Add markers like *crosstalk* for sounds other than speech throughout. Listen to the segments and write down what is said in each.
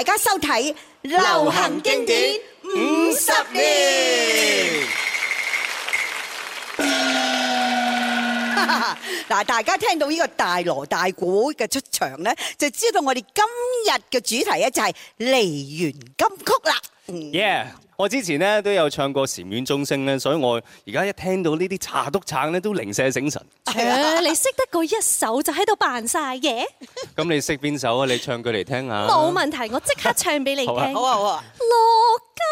大家收睇流行經典五十年。嗱，大家聽到呢個大鑼大鼓嘅出場咧，就知道我哋今日嘅主題咧就係梨園金曲啦。Yeah，、mm hmm. 我之前咧都有唱過禪院鐘聲咧，所以我而家一聽到呢啲查篤撐咧，都零舍醒神。誒、 *laughs* 啊，你識得個一首就喺度扮晒嘢？咁 *laughs* 你識邊首啊？你唱佢嚟聽下。冇問題，我即刻唱俾你聽。 *laughs* 好啊好啊，好啊，好啊。羅家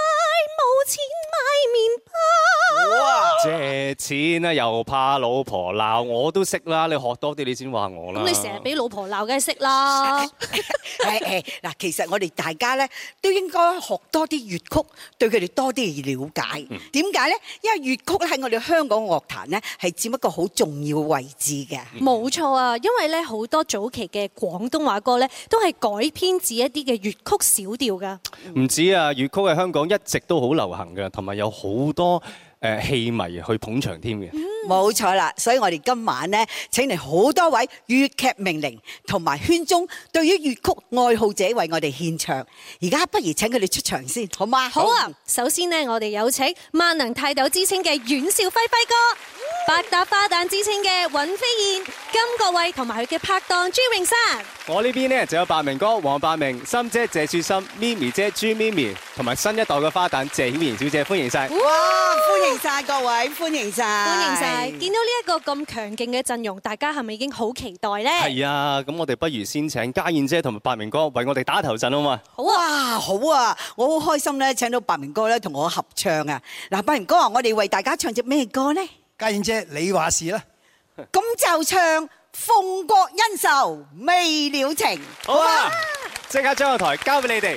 錢啊，又怕老婆鬧，我都識啦。你學多啲，你先話我啦。你成日俾老婆鬧，梗係識啦。誒誒，嗱，其實我哋大家咧都應該學多啲粵曲，對佢哋多啲了解。點解咧？因為粵曲喺我哋香港樂壇咧，係佔一個好重要嘅位置嘅。冇、嗯、錯啊，因為咧好多早期嘅廣東話歌咧，都係改編自一啲嘅粵曲小調噶。唔止啊，粵曲喺香港一直都好流行嘅，同埋有好多。誒，戲迷去捧場添嘅。冇錯啦，所以我哋今晚呢請嚟好多位粵劇名伶同埋圈中對於粵曲愛好者為我哋獻唱。而家不如請佢哋出場先，好嗎？好啊！首先呢，我哋有請萬能泰斗之稱嘅阮兆輝輝哥，百搭花旦之稱嘅尹飛燕、甘國衛同埋佢嘅拍檔朱詠珊。我呢邊呢就有百鳴哥黃百鳴、心姐謝雪心、咪咪姐朱咪咪，同埋新一代嘅花旦謝曉瑩小姐，歡迎曬！哇！歡迎曬各位，歡迎曬，歡迎曬！見到呢一個咁強勁嘅陣容，大家係咪已經好期待咧？係啊，咁我哋不如先請家燕姐同埋百鳴哥為我哋打頭陣啊嘛！好啊，好啊，我好開心咧，請到百鳴哥咧同我合唱啊！嗱，百鳴哥啊，我哋為大家唱隻咩歌咧？家燕姐，你話事啦！咁就唱《鳳閣恩仇未了情》。好啊，即刻將個台交俾你哋。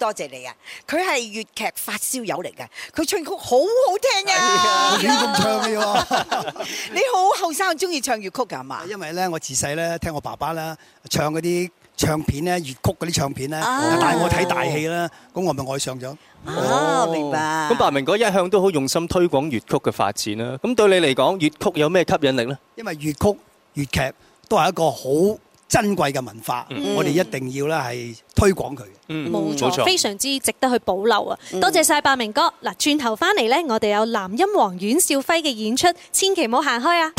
多謝你啊！佢係粵劇發燒友嚟㗎，佢唱曲好好聽啊！你咁唱咩？你好後生，中意唱粵曲㗎嘛？因為咧，我自細咧聽我爸爸咧唱嗰啲唱片咧粵曲嗰啲唱片咧，帶我睇大戲啦。咁我咪愛上咗。哦，明白。咁百鳴哥一向都好用心推廣粵曲嘅發展啦。咁對你嚟講，粵曲有咩吸引力咧？因為粵曲粵劇都係一個好珍貴嘅文化，嗯、我哋一定要咧係推廣佢。冇錯，非常之值得去保留啊！嗯、多謝晒百鳴哥。嗱，轉頭翻嚟呢，我哋有南音王阮兆輝嘅演出，千祈唔好行開啊！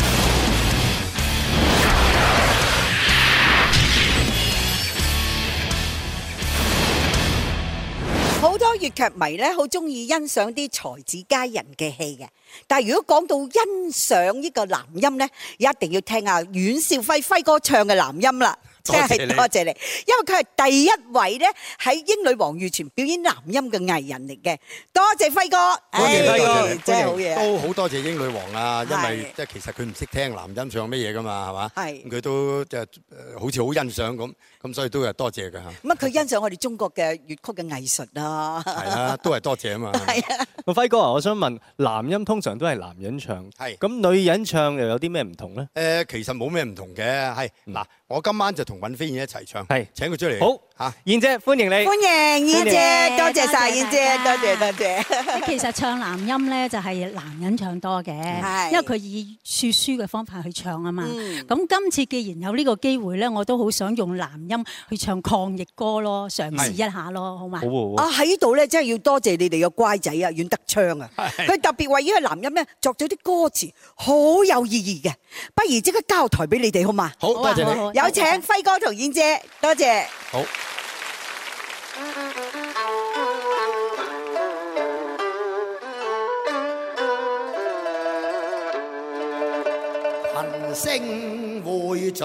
好多粵劇迷咧，好中意欣賞啲才子佳人嘅戲嘅。但係如果講到欣賞呢個南音咧，一定要聽下阮兆輝輝哥唱嘅南音啦。多謝你，多謝你。因為佢係第一位咧喺英女皇御前表演南音嘅藝人嚟嘅。多謝輝哥，多謝輝哥，真係好嘢。都好多謝英女皇啊，因為即係其實佢唔識聽南音唱咩嘢㗎嘛，係嘛？係。咁佢都即係好似好欣賞咁。咁所以都係多謝㗎，咁乜佢欣賞我哋中國嘅粵曲嘅藝術啊？係啊，都係多謝啊嘛。係啊。阿輝哥，啊，我想問南音通常都係男人唱。係。咁女人唱又有啲咩唔同咧？誒，其實冇咩唔同嘅。係。嗱，我今晚就同尹飛燕一齊唱，係。請佢出嚟。好。嚇，燕姐歡迎你。歡迎燕姐，多謝晒燕姐，多謝多謝。其實唱南音咧就係男人唱多嘅，因為佢以説書嘅方法去唱啊嘛。咁今次既然有呢個機會咧，我都好想用南音去唱抗疫歌咯，嘗試一下咯，好嘛？啊喺呢度咧，真係要多謝你哋嘅乖仔啊，阮德昌啊，佢特別為呢個南音咧作咗啲歌詞，好有意義嘅。不如即刻交台俾你哋，好嘛？好多謝你，有請輝哥同燕姐，多謝。好。行星會聚。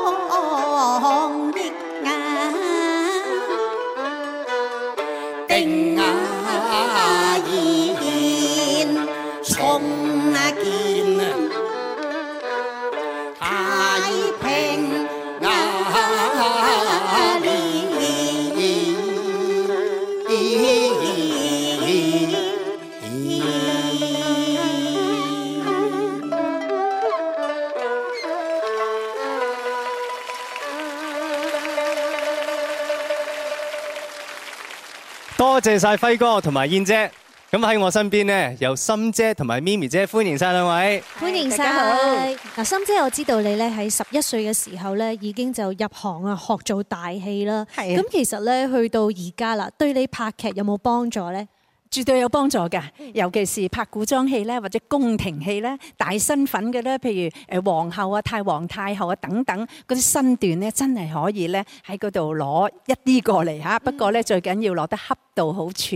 晒輝哥同埋燕姐，咁喺我身邊呢，由心姐同埋咪咪姐歡迎晒兩位。歡迎晒，大家好。嗱，心姐，我知道你咧喺十一歲嘅時候咧已經就入行啊，學做大戲啦。係的。咁其實咧，去到而家啦，對你拍劇有冇幫助呢？絕對有幫助嘅，尤其是拍古裝戲咧，或者宮廷戲咧，大身份嘅咧，譬如皇后啊、太皇太后啊等等，嗰啲身段咧真係可以咧喺嗰度攞一啲過嚟，嗯、不過咧最緊要攞得恰到好處。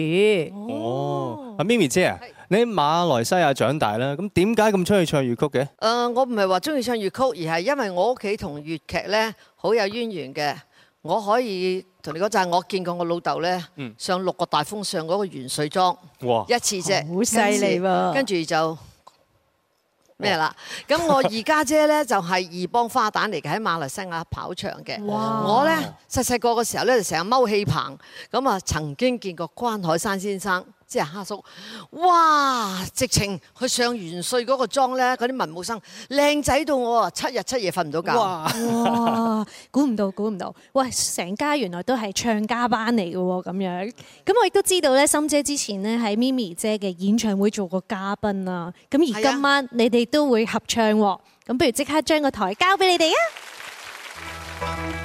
哦，咪、哦、Mimi 姐啊，是你喺馬來西亞長大啦，咁點解咁中意唱粵曲嘅、呃？我唔係話中意唱粵曲，而係因為我屋企同粵劇呢，好有淵源嘅。我可以同你講，就係我見過我老豆呢，上六個大風上嗰個元帥裝，一次啫。好犀利喎。跟住就咩啦？咁我二家姐呢，就係二幫花旦嚟嘅，喺馬來西亞跑場嘅。哇我呢，細細個嘅時候呢就成日踎氣棚，咁啊曾經見過關海山先生。即係哈叔，哇！直情去上元帥嗰個妝咧，嗰啲文武生靚仔到我啊，七日七夜瞓唔哇 *laughs* 到覺。哇！估唔到，估唔到。喂，成家原來都係唱家班嚟嘅喎，咁樣。咁我亦都知道咧，心姐之前呢，喺咪咪姐嘅演唱會做過嘉賓啦。咁而今晚你哋都會合唱喎，咁是的 不如即刻將個台交俾你哋啊！ *music*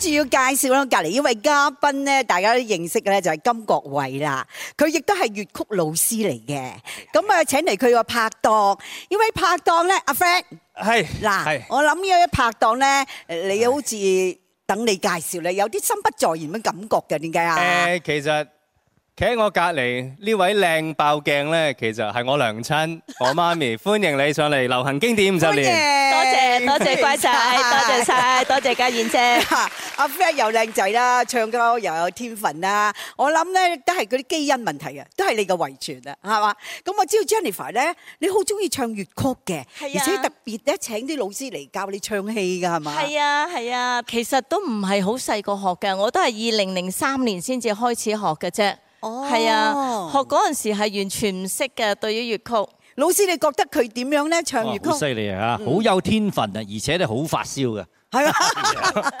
住要介紹啦，隔離依位呢位嘉賓咧，大家都認識嘅咧，就係甘國衛啦。佢亦都係粵曲老師嚟嘅。咁啊的，請嚟佢個拍檔。呢位拍檔咧，阿 Frank，係嗱，友的我諗呢位拍檔咧，你好似等你介紹咧，的有啲心不在焉嘅感覺嘅，點解啊？誒，其實。企喺我隔籬呢位靚爆鏡咧，其實係我娘親我媽咪，歡迎你上嚟流行經典五十年。多謝多謝乖晒，多謝乖晒多謝家燕姐。阿 Fred 又靚仔啦，唱歌又有天份啦，我諗咧都係嗰啲基因問題啊，都係你嘅遺傳啊，係嘛？咁我知道 Jennifer 咧，你好中意唱粵曲嘅，係啊，而且特別咧請啲老師嚟教你唱戲噶，係嘛？係啊係啊，其實都唔係好細個學嘅，我都係二零零三年先至開始學嘅啫。哦，係、oh. 啊，學嗰陣時係完全唔識嘅，對於粵曲。老師你覺得佢點樣咧？唱粵曲，好犀利啊！好、mm. 有天分啊，而且咧好發燒嘅。係嘛？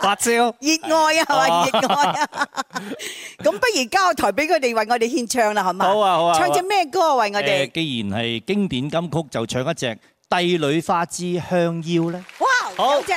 發燒？熱愛啊，熱、oh. 愛啊！咁不如交台俾佢哋為我哋獻唱啦，好唔好？好啊，好啊！唱隻咩歌為我哋？既然係經典金曲，就唱一隻《帝女花之香夭》咧。哇、wow！好正。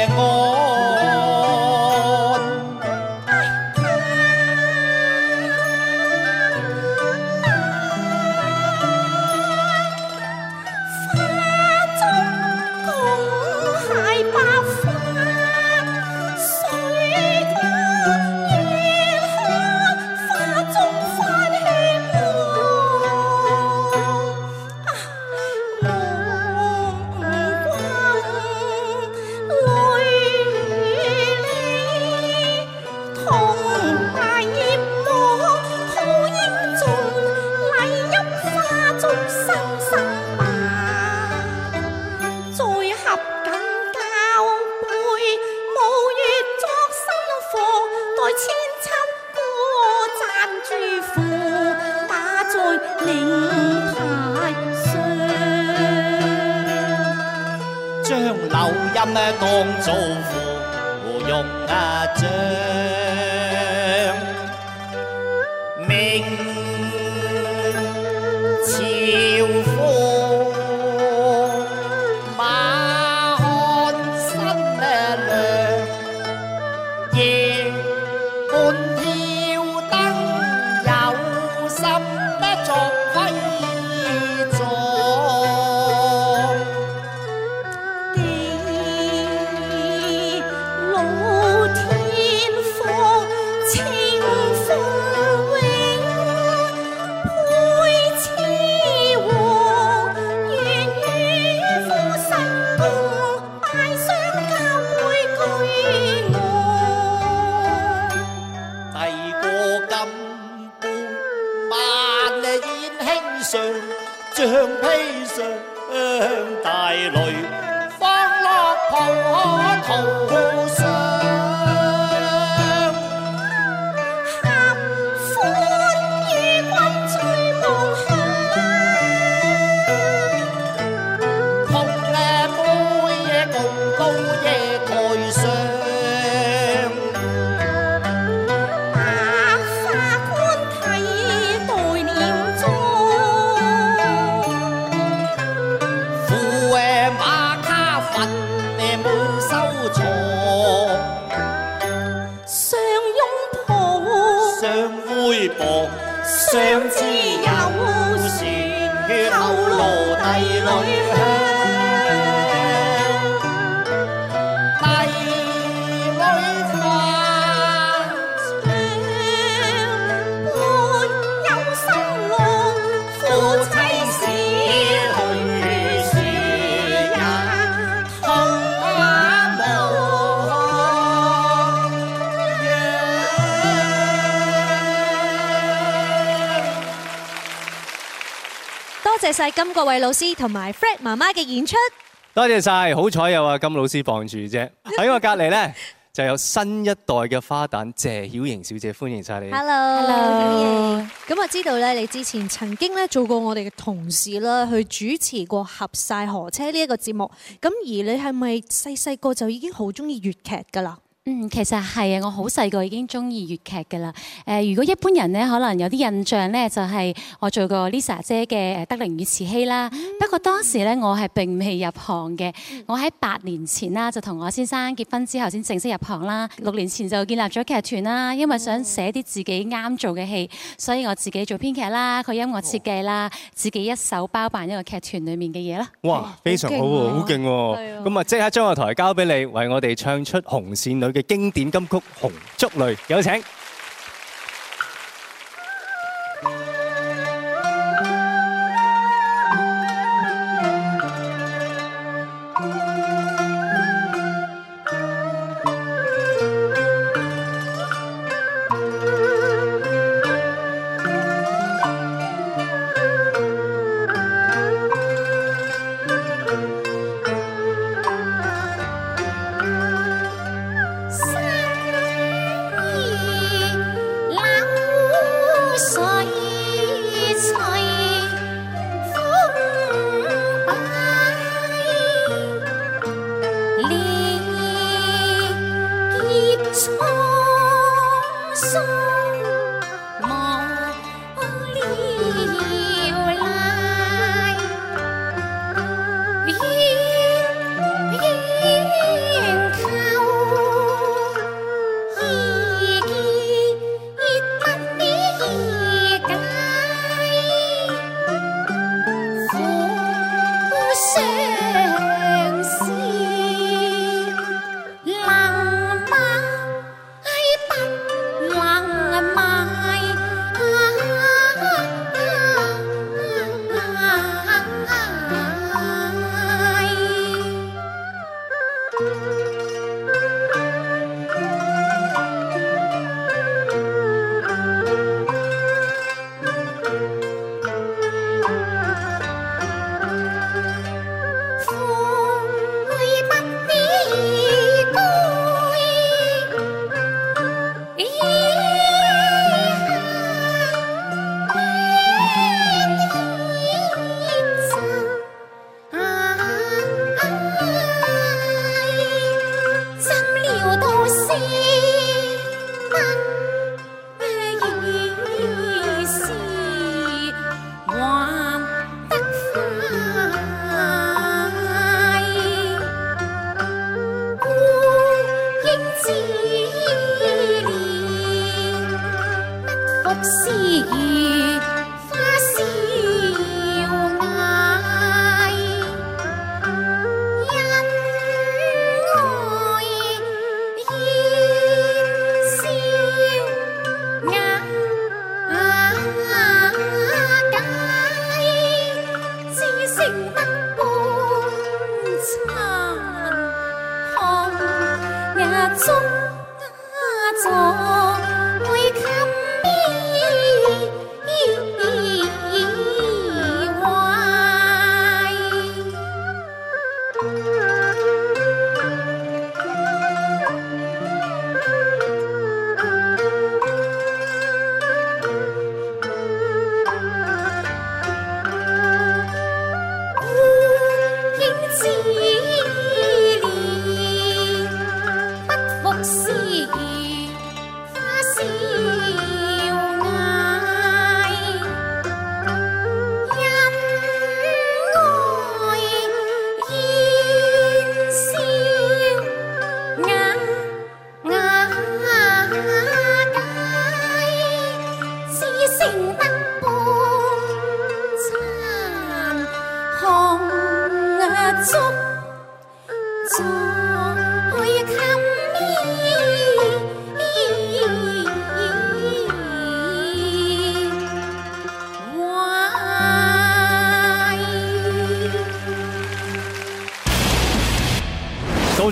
晒甘國衛老師同埋 Fred 媽媽嘅演出，多謝晒！好彩有阿甘老師傍住啫。喺我隔籬呢， *laughs* 就有新一代嘅花旦謝曉瑩小姐，歡迎晒你。Hello，Hello。咁我知道呢，你之前曾經呢，做過我哋嘅同事啦，去主持過《合晒河車》呢、這、一個節目。咁而你係咪細細個就已經好中意粵劇噶啦？嗯，其實係啊，我好細個已經中意粵劇㗎啦。誒、呃，如果一般人呢，可能有啲印象呢，就係我做過 Lisa 姐嘅《德齡與慈禧》啦。不過當時呢，我係並未入行嘅。我喺八年前啦，就同我先生結婚之後先正式入行啦。六年前就建立咗劇團啦，因為想寫啲自己啱做嘅戲，所以我自己做編劇啦，佢音樂設計啦，自己一手包辦一個劇團裡面嘅嘢啦。哇，非常好，好勁、哦！咁啊，即刻將個台交俾你，為我哋唱出紅線女嘅經典金曲《紅燭淚》有請。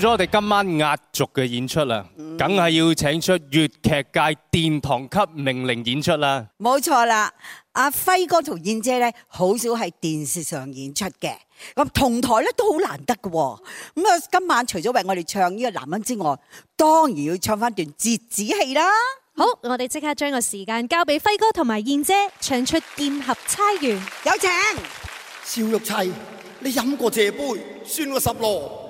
做咗我哋今晚壓軸嘅演出啦，梗係要請出粵劇界殿堂級名伶演出啦。冇錯啦，阿輝哥同燕姐咧，好少係電視上演出嘅，咁同台咧都好難得嘅。咁啊，今晚除咗為我哋唱呢個南音之外，當然要唱翻段折子戲啦。好，我哋即刻將個時間交俾輝哥同埋燕姐，唱出劍俠釵緣。有請。邵玉翠，你飲過這杯，算我十羅。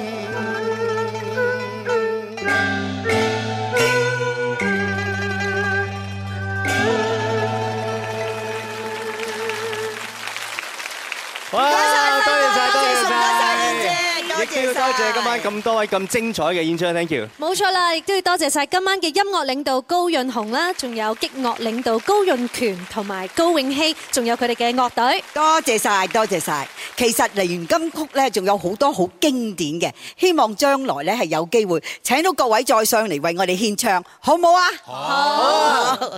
都要多謝今晚咁多位咁精彩嘅演唱，thank you。冇錯啦，亦都要多謝晒今晚嘅音樂領導高潤鴻啦，仲有擊樂領導高潤權同埋高永熙，仲有佢哋嘅樂隊。多謝晒，多謝晒。其實嚟完金曲呢，仲有好多好經典嘅，希望將來呢係有機會請到各位再上嚟為我哋獻唱，好唔好啊？好。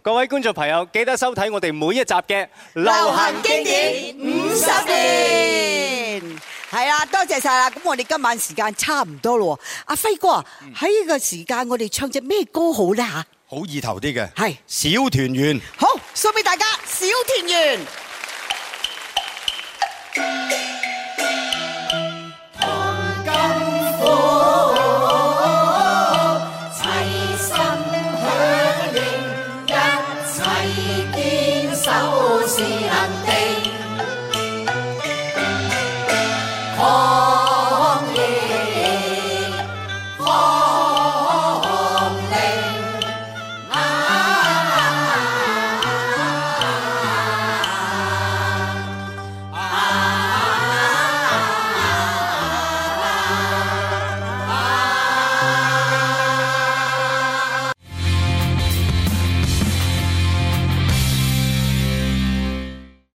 各位觀眾朋友，記得收睇我哋每一集嘅流行經典五十年。.係啦，多謝晒啦。咁我哋今晚時間差唔多咯。阿輝哥啊，喺呢、嗯、個時間我哋唱隻咩歌好咧吓？好意頭啲嘅，係是《小團圓》。好，送俾大家小《小團圓》。